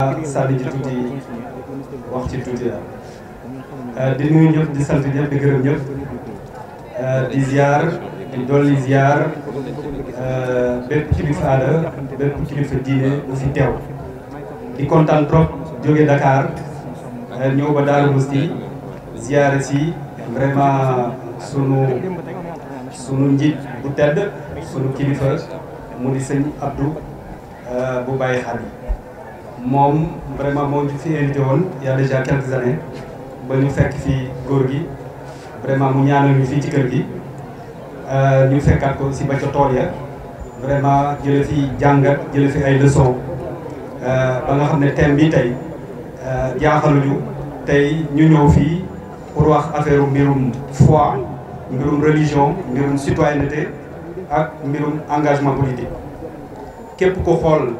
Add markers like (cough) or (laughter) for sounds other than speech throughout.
sànni ji tuuti wax ci tuuti la euh, di nuyu ñëpp di sant ñëpp di gërëm ñëpp euh, di ziar di dolli ziar euh, bépp kilifa bépp kilifa diine bu fi teew di kontaan trop jóge Dakar ñëw ba Darou Mouhty ziar si vraiment sunu njiit bu tedd sunu kilifa mu di sëñ Abdou bu bàyyi xel moom vraiment moom ci fi invité woon il y a déjà ba ñu fekk fii góor gi vraiment mu ñaanal ñu fii ci kër gi euh, ñu fekkaat ko si ba ca tool ya vraiment jële fi jàngat jële fi ay leçon euh, ba nga xam ne thème bi tey euh, jaaxaluñu tey ñu ñëw fii pour wax affaire mbirum foi mbirum religion mbirum citoyenneté ak mbirum engagement politique képp ko xool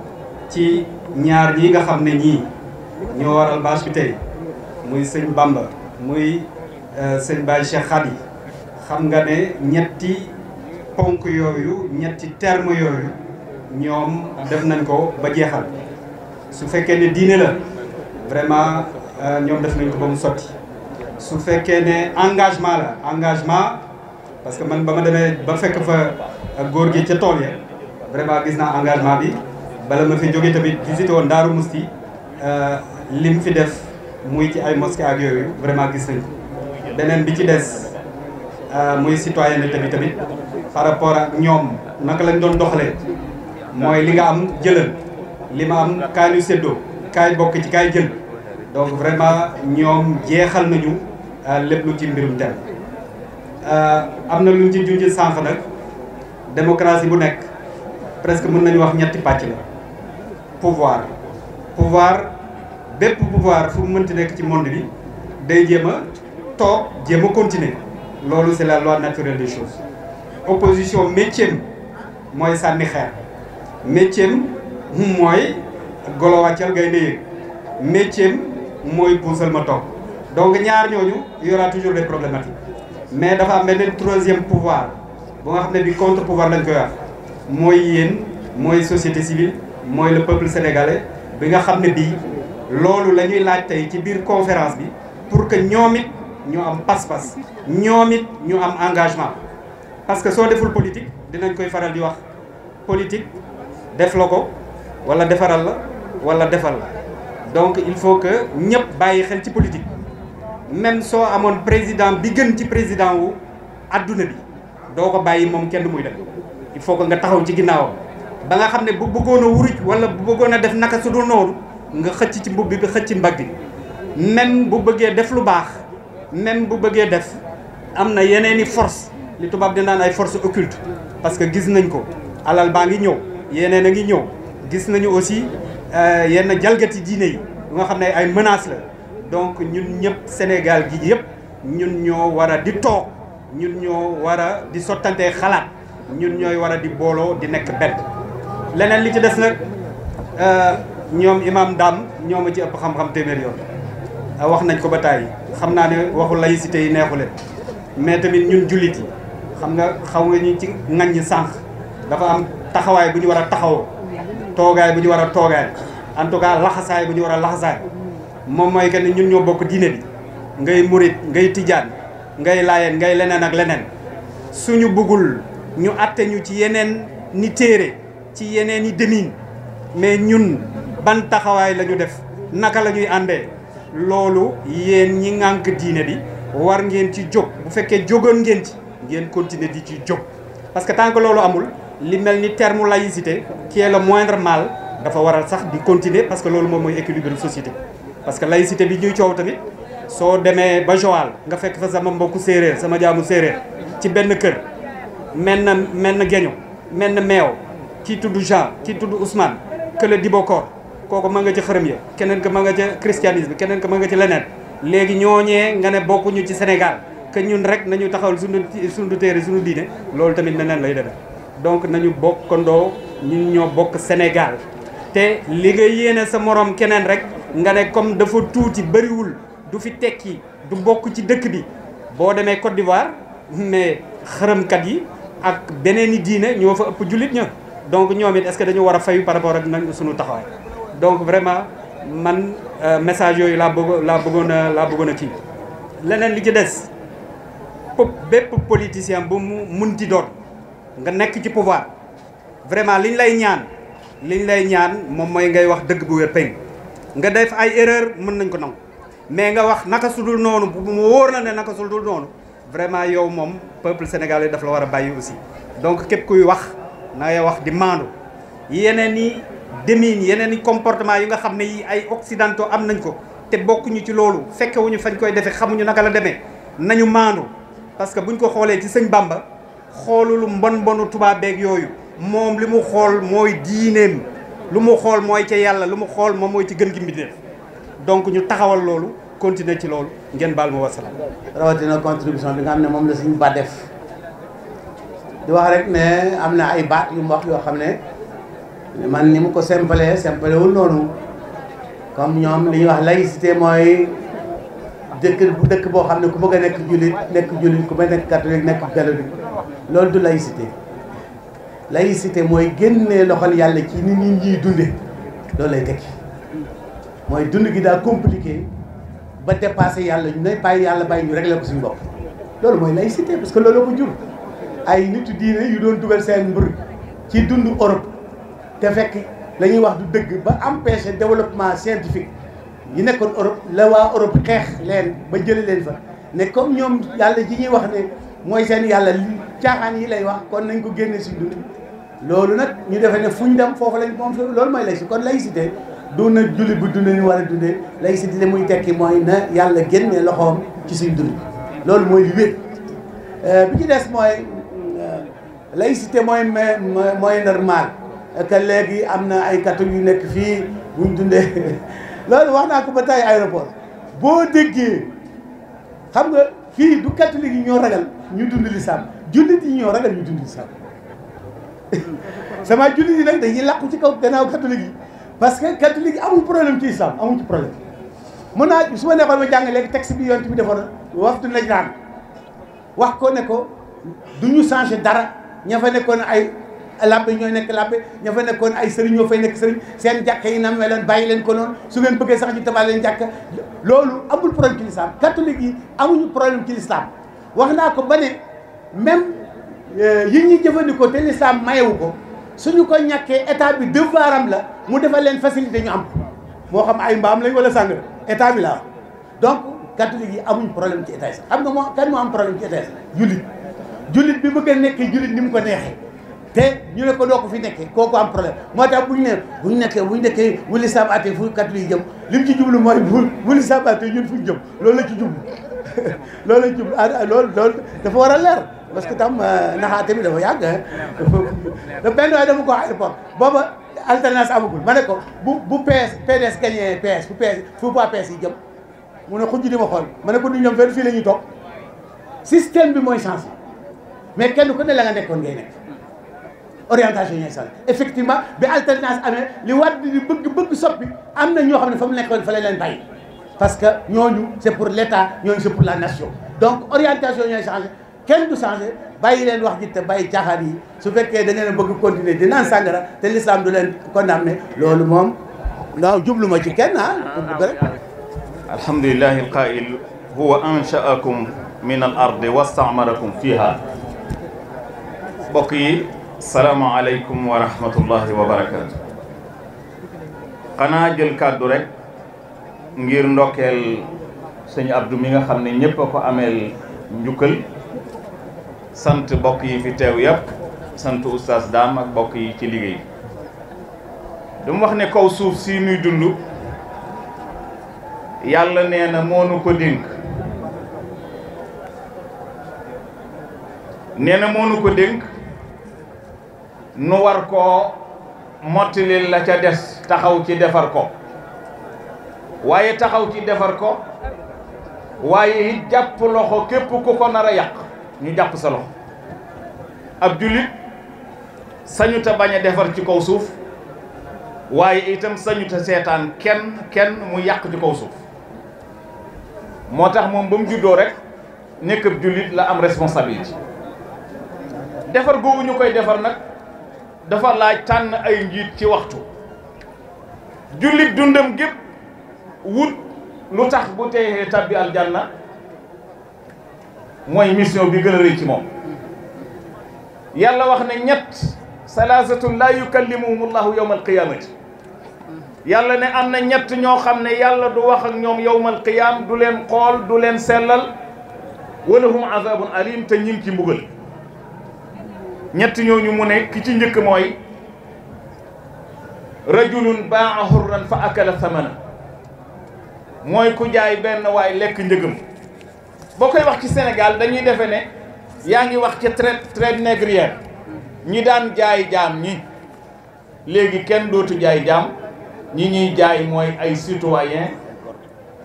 ci ñaar ñi nga xam ne ñii ñoo waral bâche bi tey muy sëñ Bamba muy euh, sëñ Baye Cheikh Khady xam nga ne ñetti ponk yooyu ñetti terme yooyu ñoom def nañ ko ba jeexal su fekkee ne diine la vraiment euh, ñoom def nañ ko ba mu sotti su fekkee ne engagement la engagement parce que man ba ma demee ba fekk fa góor gi ca tool ya vraiment gis naa engagement bi bala ma fi jóge tamit visité woon Daaru Musti euh, lim fi def muy ci ay mosquée ak yooyu vraiment gis nañ beneen bi ci des euh, muy citoyenneté bi tamit par rapport ak ñoom naka lañ doon doxalee mooy li nga am jëlal li ma am kaay ñu séddoo kaay bokk ci kaay jël donc vraiment ñoom jeexal nañu euh, lépp lu ci mbirum tem am na lu ñu ci junj sànq nag démocratie bu nekk presque mën nañu wax ñetti pàcc la pouvoir pouvoir bépp pouvoir fu mu mënti nekk ci monde bi day jéem a toog jéem a continuer loolu c'est la loi naturelle des choses opposition métier mooy sànni xeer métier mooy golo wàccal gaynde yëg métier mooy puusal ma toog donc ñaar ñooñu y aura toujours des problématiques mais dafa am benn troisième pouvoir bu nga xam ne bi contre pouvoir lañ koy wax mooy yéen mooy société civile mooy le peuple sénégalais bi nga xam ne bii loolu la ñuy laaj tey ci biir conférence bi pour que ñoom it ñu am pas-pas ñoom it ñu am engagement parce que soo deful politique dinañ koy faral di wax politique def la ko wala defaral la wala defal la donc il faut que ñëpp bàyyi xel ci politique même soo amoon président bi gën ci président wu adduna bi doo ko bàyyi moom kenn muy dem il faut que nga taxaw ci ginnaawam ba nga xam ne bu bëggoon a wuruj wala bu bëggoon a def naka su dul noonu nga xëcc ci mbubb bi xëcc mbagg bi même bu bëggee def lu baax même bu bëggee def am na yeneen yeneeni force li tubaab di naan ay force occulte parce que gis nañ ko alal baa ngi ñëw yeneen a ngi ñëw gis nañu aussi euh, yenn jalgati diine yi bu nga xam ne ay menace la donc ñun ñëpp Sénégal gi yëpp ñun ñoo war a di toog ñun ñoo war a di sottantee xalaat ñun ñooy war a di booloo di nekk benn leneen li ci des nag euh, ñoom imam daam ñoo ma ci ëpp xam-xam téeméer yoon euh, wax nañ ko ba tàyyi xam naa ne waxu laïcité yi neexu leen mais tamit ñun jullit yi xam nga xaw nga ñu ci ŋaññi sànq dafa am taxawaay bu ñu war a taxawoo toogaay bu ñu war a toogaay en tout cas laxasaay bu ñu war a laxasaay moom mooy que ne ñun ñoo bokk diine bi ngay murit ngay tijaan ngay laayeen ngay leneen ak leneen suñu bëggul ñu àtte ñu ci yeneen ni téere ci yeneen yi demin mais ñun ban taxawaay la ñu def naka la ñuy àndee loolu yéen ñi ŋànk diine bi war ngeen ci jóg bu fekkee jógoon ngeen ci ngeen continuer di ci jóg parce que tant loolu amul li mel ni terme laïcité qui est le moindre mal dafa waral sax di continuer parce que loolu moom mooy équilibre société parce que laïcité bi ñuy coow tamit soo demee ba Joal nga fekk fa sama mbokku séeréer sama jaamu séeréer ci benn kër menn menn geño menn meew kii tudd Jean kii tudd Ousmane kële Dibokor kooku ma nga ca xërëm ya keneen ka ma nga ca christianisme keneen ka ma nga ca leneen léegi ñooñee nga ne bokkuñu ci Sénégal que ñun rek nañu taxawal suñu suñu téere sunu diine loolu tamit neneen lay demee donc nañu bokkandoo ñun ñoo bokk Sénégal te li nga yéene sa moroom keneen rek nga ne comme dafa tuuti bëriwul du fi tekki du bokk ci dëkk bi boo demee Côte d'Ivoire mais xërëmkat yi ak beneen i diine ñoo fa ëpp jullit ña donc ñoom it est-ce que dañu war a fayu par rapport ak nag suñu taxawaay donc vraiment man euh, message yooyu laa bëgg laa bëggoon laa bëggoon a kii leneen li ci des pop bépp politicien bu mu mun ci doon nga nekk ci pouvoir vraiment liñ lay ñaan liñ lay ñaan moom mooy ngay wax dëgg bu wér peng nga def ay erreur mën nañ ko nangu mais nga wax naka su dul noonu bu mu wóor na ne naka su sudul noonu vraiment yow moom peuple sénégalais daf la war a bàyyi aussi donc képp kuy na wax di maandu yeneen i demin yeneen i comportement yi nga xam ne yi ay occidentaux am nañ ko te bokkuñu ci loolu fekkewuñu fañ koy defee xamuñu naka la demee nañu maandu parce que buñ ko xoolee ci sëñ Bamba xoolulu mbon mbonu tubaab beeg yooyu moom li mu xool mooy diineem lu mu xool mooy ca yàlla lu mu xool moom mooy ci gën gi mbindeef donc ñu taxawal loolu continuer ci loolu ngeen baal ma wasalaam rawatina contribution bi nga xam ne moom la suñu ba def di wax rek ne am na ay baat yu mu wax yoo xam ne man ni mu ko simple simple wul noonu comme ñoom li ñuy wax laïcité mooy dëkk bu dëkk boo xam ne ku bëgg a nekk jullit nekk jullit ku bëgg nekk catholique nekk catholique loolu du laïcité laïcité mooy génnee loxol yàlla ci ni nit ñiy dunde loolu lay tekki mooy dund gi daal compliqué ba dépassé yàlla ñu ne bàyyi yàlla bàyyi ñu réglé ko suñu bopp loolu mooy laïcité parce que loolu ko jur ay nitu diine yu doon dugal seen mbër ci dund Europe te fekk la wax du dëgg ba empêcher développement scientifique yu nekkoon Europe la waa Europe xeex leen ba jële leen fa ne comme ñoom yàlla ji ñuy wax ne mooy seen yàlla li caaxaan yi lay wax kon nañ ko génne si dund loolu nag ñu defee ne fu ñu dem foofu lañ moom loolu mooy si kon si laïcité doon na julli bu dundee ni war a dundee si li muy tekki mooy na yàlla génne loxoom ci suñ euh, ci des laïcité mooy mooy normal que léegi am na ay catholique yu nekk fii buñ dundee (laughs) loolu wax naa ko ba tey aéroport boo déggee xam nga fii du catholique yi ñoo ragal ñu dund lislaam jullit ti ñoo ragal ñu dund lislaam (laughs) sama jullit yi nag dañuy làqu ci kaw gannaaw catholique yi parce que catholique yi amul problème ci islam amul ci problème mën naa su ma neexoon ma jàng léegi texte bi yonent bi wax waxtu nañ naan wax ko ne ko du ñu changé dara ña fa nekkoon ay labbe ñooy nekk labbe ña fa nekkoon ay sëriñ ñoo nekk sëriñ seen jàkka yi nam meloon bàyyi leen ko noonu su ngeen bëggee sax ñu tabax leen loolu amul problème ci lislaam yi amuñu problème ci lislaam wax naa ko ba ne même euh, yi ñuy jëfandikoo te lislaam mayewu ko suñu ko ñàkkee état bi devoiram la mu defal leen facilité ñu am moo xam ay mbaam lañ wala sàng état bi la donc catholique yi amuñ problème ci état yi sax xam nga moo kan moo am problème ci état yi jullit jullit bi bëgg a nekkee jullit ni mu ko neexee te ñu ne ko doo ko fi nekkee kooku am problème moo tax bu ñu ne bu ñu nekkee bu ñu nekkee wuli sabaate fu kat luy jëm li mu ci jublu mooy wuli sabaate ñun fu ñu jëm loolu la ci jublu (laughs) loolu la ci jublu ah loolu dafa war a leer parce que tam euh, naxaate bi dafa yàgg da benn waaye dama ko aéroport booba alternance amagul ma ne ko bu bu PS PDS gagné PS fu PS fu pas PS yi jëm mu ne xujj di ma xool ma ne ko duñ ñoom fii la ñuy toog système bi mooy changé mais kenn ku ne la nga nekkoon ngay nekk orientation ñooy sal effectivement bi alternance amee li Wade di bëgg-bëgg soppi am na ñoo xam ne fa mu nekkoon fa leen bàyyi parce que ñooñu c'est pour l'État ñooñu c'est pour la nation donc orientation ñooy changé kenn du changé bàyyi leen wax ji te bàyyi caaxaan yi su fekkee da ngeen bëgg continuer di naan sàngara te l'islam du leen condamné loolu moom non jublu ma ci kenn ah bëgg rek alhamdulillahi alqail huwa anshaakum min al ardi mbokk yi salaamaaleykum wa rahmatullahi wa barakaatu xanaa jël kàddu rek ngir ndokkeel sëñ abdu mi nga xam ne ñëpp a ko ameel njukkal sant mbokk yi fi teew yëpp sant oustaz daam ak mbokk yi ci liggéey dama wax ne kaw suuf si nuy dund yàlla nee na moo nu ko dénk nee na moo nu ko dénk nu war koo mottilil la ca des taxaw ci defar ko waaye taxaw ci defar ko waaye it jàpp loxo képp ku ko nar a yàq ñu jàpp sa loxo ab jullit sañu ta a defar ci kaw suuf waaye itam sañu ta seetaan kenn kenn mu yàq ci kaw suuf moo tax moom ba mu juddoo rek nekk ab jullit la am responsabilité defar googu ñu koy defar nag dafa laaj tànn ay njiit ci waxtu jullit dundam gépp wut lu tax bu teexee tabbi aljanna mooy mission bi gën ci moom yàlla wax ne ñett salaasatun laa yukallimuhum llahu yawma alqiyamati yàlla ne am na ñett ñoo xam ne yàlla du wax ak ñoom yawmal qiyam du leen xool du leen sellal walahum azabun alim te ñi ci mbugal ñetti ñooñu mu ne ki ci njëkk mooy rajulun baa hurran fa akala thamana mooy ku jaay benn waay lekk njëgam boo koy wax ci Sénégal dañuy defe ne yaa ngi wax ca traite traite ñi daan jaay jaam ñi léegi kenn dootu jaay jaam ñi ñuy jaay mooy ay citoyen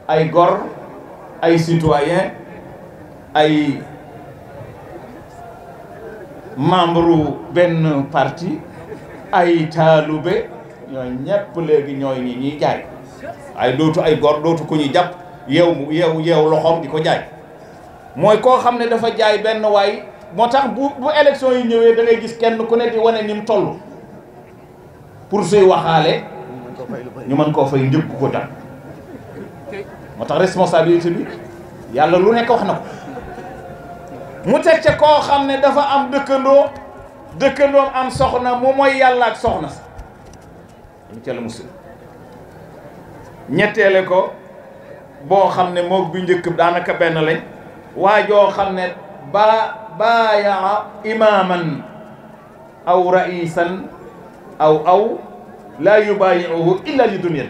ay gor ay citoyen ay membre benn parti ay taalube ñooy ñepp léegi ñooy ñi ñuy jaay ay dootu ay gor dootu ko ñu jàpp yeew mu yeew yeew loxoom di ko jaay mooy koo xam ne dafa jaay benn waay moo tax bu bu élection yi ñëwee da gis kenn ku ne di wane ni mu pour suy waxaale ñu mën koo fay njëkk ko dal moo tax responsabilité bi yàlla lu nekk wax na ko mu teg ca koo xam ne dafa am dëkkandoo dëkkandoom am soxna mu mooy yàlla soxna sa mu ca la musul ñetteele ko boo xam ne moog bu njëkk daanaka benn lañ waa joo xam ne baa baayaa imaaman aw raisan aw aw laa yubaayiuhu illa li dunya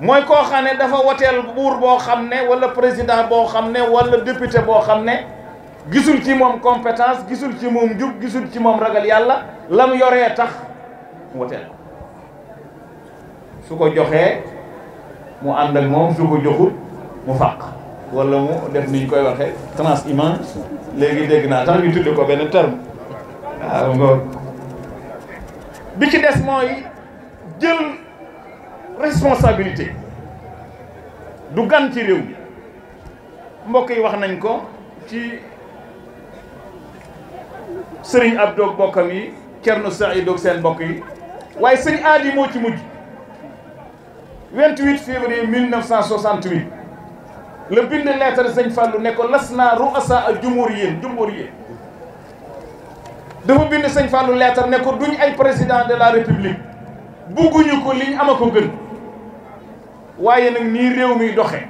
mooy koo xam ne dafa woteel buur boo xam ne wala président boo xam ne wala député boo xam ne gisul ci moom compétence gisul ci moom jub gisul ci moom ragal yàlla la yoree tax woteel su ko joxee mu ànd ak moom su ko joxul mu fàq wala mu def niñ koy waxee transhumance léegi dégg naa tax ñu tudde ko benn terme bi ci des mooy jël responsabilité du gan ci réew mi mbokk yi wax nañ ko ci sëriñ ab doog bokkam yi Cerno Saïd doog seen mbokk yi waaye sëriñ aadi moo ci mujj 28 février 1968 la bind lettre sëñ Fallou ne ko las naa ruasa al jumhuriyeen jumhuriyeen dafa bind sëñ fàllu lettre ne ko duñ ay président de la république bugguñu ko liñ ama ko gën waaye nag nii réew mi doxe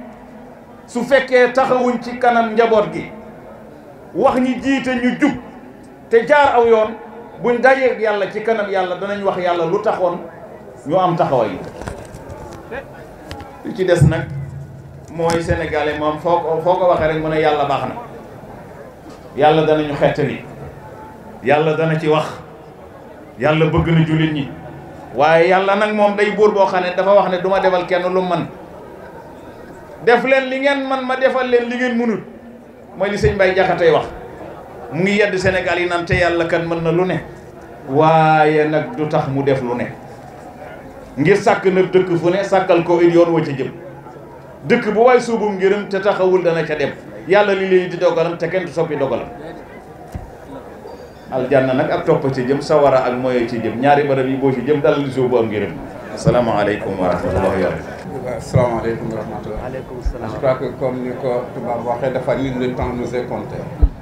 su fekkee taxawuñ ci kanam njaboot gi wax ñi jiite ñu jub te jaar aw yoon buñ dajeeg yàlla ci kanam yàlla danañ wax yàlla lu taxoon ñu am yi li ci des nag mooy sénégalais moom foo ko foo ko waxee rek mu ne yàlla baax na yàlla danañu xettali yàlla dana ci wax yàlla bëgg na jullit ñi waaye yàlla nag moom day buur boo xam ne dafa wax ne du ma defal kenn lu man def leen li ngeen man ma defal leen li ngeen mënut mooy li sëñ Baye Jaxatay wax mu ngi yedd Sénégal yi naan te yàlla kan mën na lu ne waaye nag du tax mu def lu ne ngir sàkk na dëkk fu ne sàkkal ko yoon wa ca jëm dëkk bu waay suubum ngërëm te taxawul dana ca dem yàlla li lay di dogalam te kenn di soppi dogalam aljanna nag ak topp ci jëm sawara ak moyo ci jëm ñaari barab yi boo ci jëm dalal di bu am ngërëm asalaamaaleykum wa rahmatullah yàlla asalaamaaleykum wa rahmatullah je crois que comme ni ko tubaab waxee dafa nit le temps nous est compté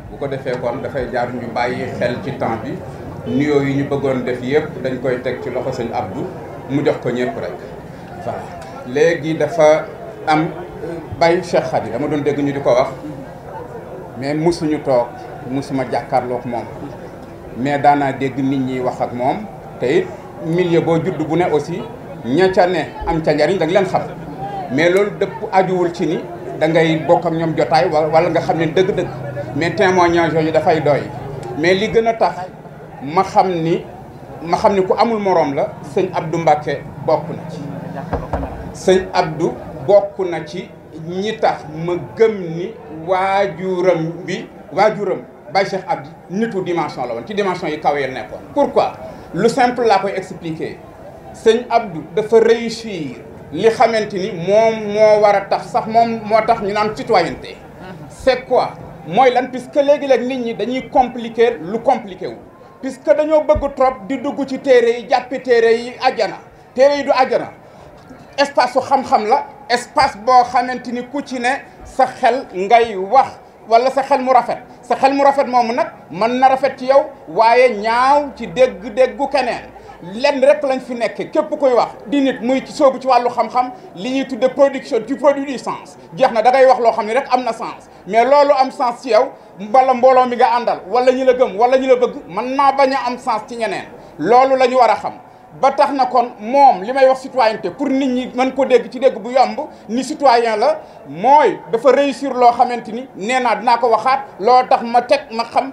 bu ko defee kon dafay jaar ñu bàyyi xel ci temps bi nuyoo yi ñu bëggoon def yëpp dañ koy teg ci loxo sëñ Abdou mu jox ko ñëpp rek voilà léegi dafa am bàyyi Cheikh Khady dama doon dégg ñu di ko wax mais mosuñu toog mosuma jàkkaarloog moom mais daanaa dégg nit ñuy wax ak moom te it milieu boo judd bu ne aussi ña ca ne am ca njariñ da nga leen xam mais loolu dëpp ajuwul ci ni da ngay bokk ak ñoom jotaay wala nga xam ne dëgg-dëgg mais témoignage yooyu dafay doy mais lii gën a tax ma xam ni ma xam ni ku amul moroom la sëñ Abdou Mbacke bokk na ci ab du bokk na ci ñi tax ma gëm ni waajuram bi waajuram Baye Cheikh Abdi nitu dimension la woon ci dimension yi kaw yel nekkoon pourquoi lu simple laa koy expliquer sëñ Abdou dafa réussir li xamante ni moom moo war a tax sax moom moo tax ñu naan citoyenneté c'est quoi mooy lan puisque léegi-léeg nit ñi dañuy compliquer lu compliqué wu puisque dañoo bëgg trop di dugg ci téere yi jàppi téere yi ajjana téere yi du ajjana espace su xam-xam la espace boo xamante ni ku ci ne sa xel ngay wax wala sa xel mu rafet sa xel mu rafet moomu nag mën na rafet ci yow waaye ñaaw ci dégg-déggu keneen lenn rek lañ fi nekkee képp koy wax di nit muy ci soobu ci wàllu xam-xam li ñuy tudde production ci produit du sens jeex na dangay wax loo xam ne rek am na sens mais loolu am sens ci yow wala mbooloo mi nga àndal wala ñi la gëm wala ñi la bëgg mën naa bañ a am sens ci ñeneen loolu la ñu war a xam ba tax na kon moom li may wax citoyenneté pour nit ñi mën ko dégg ci dégg bu yomb ni citoyen la mooy dafa réussir loo xamante ni nee naa dinaa ko waxaat loo tax ma teg ma xam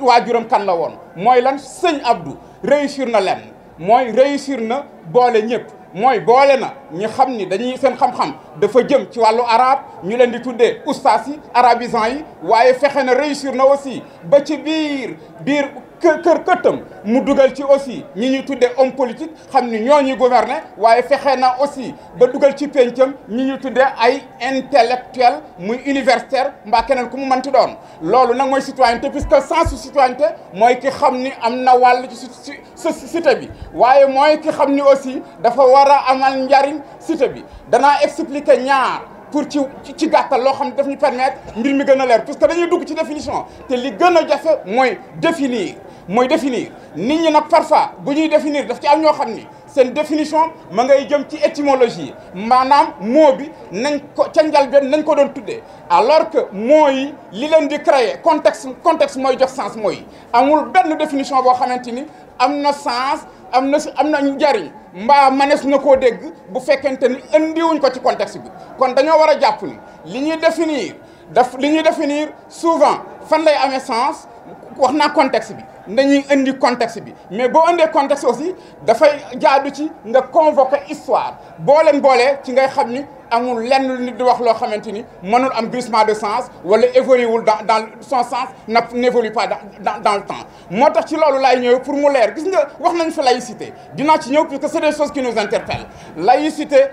waajuram kan la woon mooy lan sëñ abdu réussir na lenn mooy réussir na boole ñëpp mooy boole na ñu xam ni dañuy seen xam-xam dafa jëm ci wàllu araab ñu leen di tuddee ustaas yi arabisant yi waaye fexe na réussir na aussi ba ci biir biir kër kër këttam mu dugal ci aussi ñi ñuy tuddee homme politique xam ni ñoo ñuy gouverner waaye fexee na aussi ba dugal ci péncam ñi ñuy tuddee ay intellectuel muy universitaire mbaa keneen ku mu mënti doon. loolu nag mooy citoyenneté puisque sensu citoyenneté mooy ki xam ni am na wàll ci société bi waaye mooy ki xam ni aussi dafa war a amal njariñ cité bi danaa expliquer ñaar. pour ci ci gàttal loo xam ne daf ñu permettre mbir mi gën a leer parce que dañuy dugg ci définition te li gën a jafe mooy définir mooy définir nit ñi nag parfois bu ñuy définir daf ci am ñoo xam ni seen définition ma ngay jëm ci étymologie maanaam mot bi nañ ko ca njëlbéen nañ ko doon tuddee alors que mots yi li leen di créer contexte contexte mooy jox sens mooy amul benn définition boo xamante ni am na sens am na am na njariñ mbaa manees na koo dégg bu fekkente ni indiwuñ ko ci contexte bi kon dañoo war a jàpp ni li ñuy définir daf li ñuy définir souvent fan lay amee sens wax naa contexte bi dañuy indi contexte bi mais boo indee contexte aussi dafay jaadu ci nga convoquer histoire boo leen boolee ci ngay xam ni amul lenn lu nit di wax loo xamante ni mënul am glissement de sens wala évolué wul dans dans son sens na n'évolue pas dans dans le temps moo tax ci loolu laay ñëw pour mu leer gis nga wax nañ fa laïcité dinaa ci ñëw parce que c'est des choses qui nous interpellent laïcité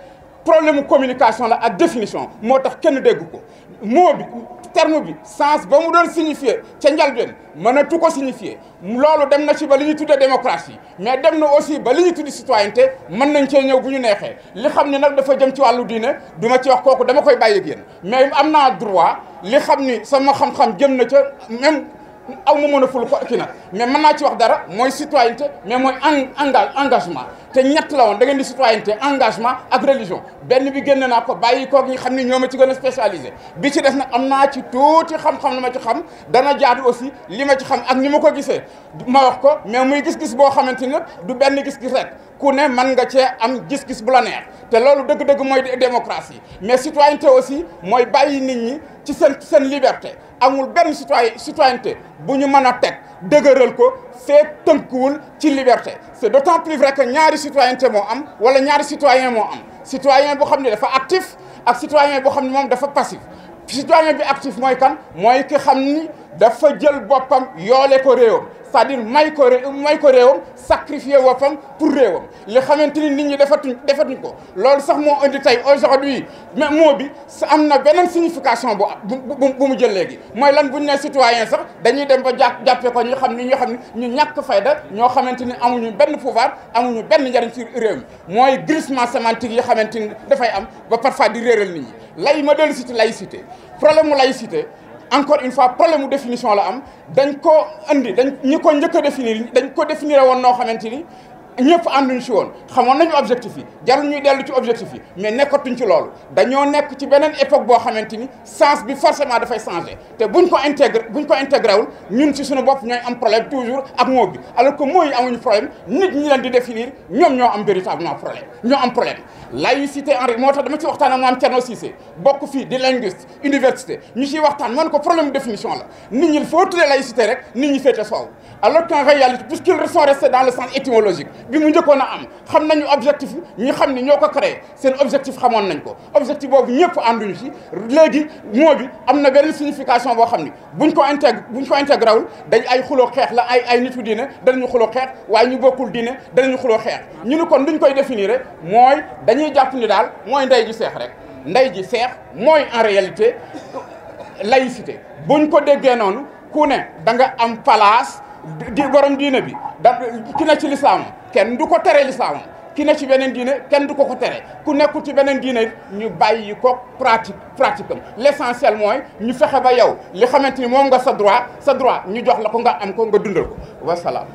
problème communication la ak définition moo tax kenn dégg ko mot bi terme bi sens ba mu doon signifier ca njalbeen mënatu ko signifier loolu dem na ci ba li ñu tuddee démocratie mais dem na aussi ba li ñu tuddi citoyenneté mën nañ cee ñëw bu ñu neexee li xam ne nag dafa jëm ci wàllu diine du ma ci wax kooku dama koy bàyyi ak mais am naa droit li xam ni sama xam-xam jëm na ca même aw ma mën a ful ko kii nag mais mën naa ci wax dara mooy citoyenneté mais mooy en engagement te ñett la woon da ngeen di citoyenneté engagement ak religion benn bi génne naa ko bàyyi koog ñi xam ni ñoo ma ci gën a spécialisé bi ci des nag am naa ci tuuti xam-xam la ma ci xam dana jaadu aussi li ma ci xam ak ni ma ko gisee ma wax ko mais muy gis-gis boo xamante ni du benn gis-gis rek ku ne mën nga cee am gis-gis bu la neex te loolu dëgg-dëgg mooy démocratie mais citoyenneté aussi mooy bàyyi nit ñi ci seen seen liberté amul benn citoyen citoyenneté bu ñu mën a teg dëgëral ko fee tënkuwul ci liberté c'est d'autant plus vrai que ñaari citoyenneté moo am wala ñaari citoyen moo am citoyen boo xam ne dafa actif ak citoyen boo xam ne moom dafa passif citoyen bi actif mooy kan mooy ki xam ni dafa jël boppam yoole ko réewam c'est-à-dire may ko ré may ko réewam sacrifier woppam pour réewam li xamante ni nit ñi defatuñ defatuñ ko loolu sax moo indi tey aujourd'hui mais moo bi sa am na beneen signification bu bu bu mu jël léegi mooy lan bu ñu nee citoyen sax dañuy dem ba jàpp jàppee ko ñu xam ni ñoo xam ni ñu ñàkk fayda ñoo xamante ni amuñu benn pouvoir amuñu benn njariñ ci réew mi mooy glissement sémantique yi xamante ni dafay am ba parfois di réeral nit ñi lay ma dellu si ci laïcité problème mu laïcité encore une fois problème mu définition la am dañ ko andi dañ ñi ko njëkk a définir dañ ko définir woon noo xamante ni ñëpp ànduñu si woon xamoon nañu objectif yi jar ñu dellu ci objectif yi mais nekkatuñ ci loolu dañoo nekk ci beneen époque boo xamante ni sens bi forcément dafay changé te buñ ko intégré buñ ko intégré wul ñun si sunu bopp ñooy am problème toujours ak moo bi alors que mooy amuñu problème nit ñi leen di définir ñoom ñoo am véritablement problème ñoo am problème laïcité en moo tax dama ci waxtaan ak maam Thierno Cissé bokk fii di linguiste université ñu ciy waxtaan man ko problème définition la nit ñi il faut tuddee laïcité rek nit ñi féete le sens étymologique bi mu njëkkoon a am xam nañu objectif ñi xam ni ñoo ko créé seen objectif xamoon nañ ko objectif boobu ñëpp ànduñu ci léegi moo bi am na benn signification boo xam ni buñ ko intègre buñ ko intégré wul dañ ay xuloo xeex la ay ay nitu diine danañu xuloo xeex waaye ñu bokkul diine danañu xuloo xeex ñu koy kon luñ koy définir mooy dañuy jàpp ni daal mooy ndey ji seex rek nday ji seex mooy en réalité laïcité ñu ko déggee noonu ku ne da nga am place di borom diine bi da ki ne ci lislaam kenn du ko tere lislaam ki ne ci beneen diine kenn du ko ko tere ku nekkul ci beneen diine ñu bàyyi ko pratique pratique am l'essentiel mooy ñu fexe ba yow li xamante ni moom nga sa droit sa droit ñu jox la ko nga am ko nga dundal ko wasalaam